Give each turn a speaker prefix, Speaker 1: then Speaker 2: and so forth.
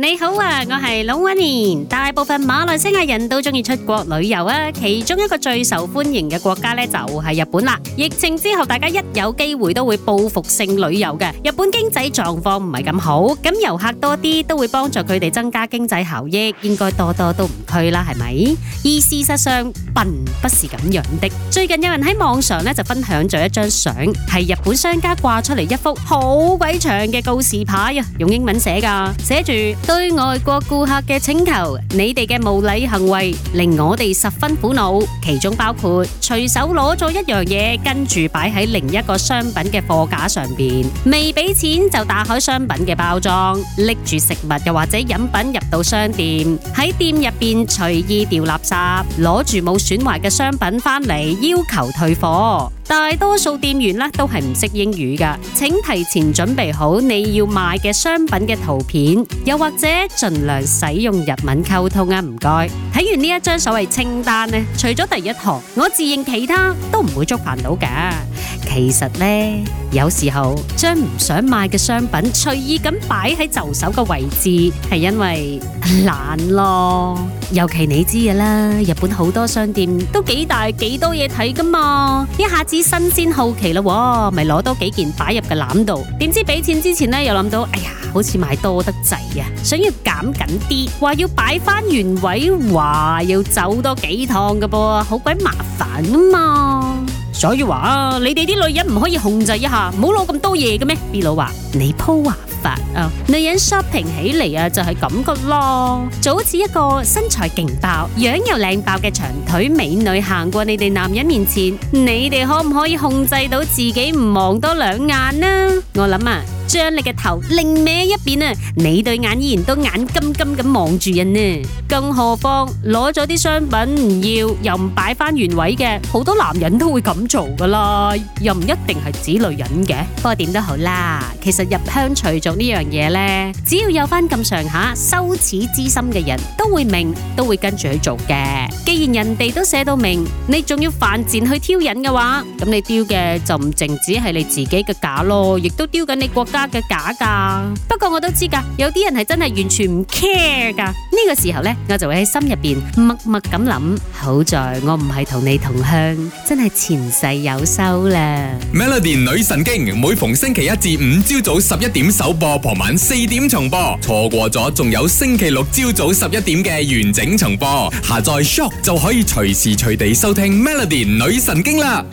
Speaker 1: 你好啊，我係龍紋敏。大部分馬來西亞人都中意出國旅遊啊，其中一個最受歡迎嘅國家呢，就係、是、日本啦。疫情之後，大家一有機會都會報復性旅遊嘅。日本經濟狀況唔係咁好，咁遊客多啲都會幫助佢哋增加經濟效益，應該多多都唔拒啦，係咪？而事實上，笨不是咁樣的。最近有人喺網上呢就分享咗一張相，係日本商家掛出嚟一幅好鬼長嘅告示牌啊，用英文寫噶，寫住。對外國顧客嘅請求，你哋嘅無禮行為令我哋十分苦惱，其中包括隨手攞咗一樣嘢跟住擺喺另一個商品嘅貨架上邊，未俾錢就打開商品嘅包裝，拎住食物又或者飲品入到商店，喺店入邊隨意掉垃圾，攞住冇損壞嘅商品翻嚟要求退貨。大多數店員咧都係唔識英語噶，請提前準備好你要買嘅商品嘅圖片，又或者盡量使用日文溝通啊！唔該，睇完呢一張所謂清單咧，除咗第一行，我自認其他都唔會觸犯到噶。其實呢，有時候將唔想買嘅商品隨意咁擺喺就手嘅位置，係因為懶咯。尤其你知噶啦，日本好多商店都幾大幾多嘢睇噶嘛，一下子新鮮好奇嘞，咪攞多幾件擺入個籃度。點知俾錢之前呢，又諗到，哎呀，好似買多得滯啊，想要減緊啲，話要擺翻原位，話要走多幾趟噶噃，好鬼麻煩啊嘛。所以話，你哋啲女人唔可以控制一下，唔好攞咁多嘢嘅咩？B 佬話你鋪華發，女人 shopping 起嚟就係咁覺咯，就好似一個身材勁爆、樣又靚爆嘅長腿美女行過你哋男人面前，你哋可唔可以控制到自己唔望多兩眼呢？我諗啊。將你嘅頭擰歪一邊啊！你對眼依然都眼金金咁望住人呢。更何況攞咗啲商品唔要，又唔擺翻原位嘅，好多男人都會咁做噶啦，又唔一定係指女人嘅。不過點都好啦，其實入鄉隨俗呢樣嘢呢，只要有翻咁上下羞恥之心嘅人都會明，都會跟住去做嘅。既然人哋都寫到明，你仲要犯賤去挑釁嘅話，咁你丟嘅就唔淨止係你自己嘅假咯，亦都丟緊你國家嘅假噶。不過我都知噶，有啲人係真係完全唔 care 噶。呢個時候呢，我就會喺心入邊默默咁諗，好在我唔係同你同鄉，真係前世有修啦。Melody 女神經每逢星期一至五朝早十一點首播，傍晚四點重播，錯過咗仲有星期六朝早十一點嘅完整重播。下載 Shock。就可以隨時隨地收聽《Melody 女神經》啦！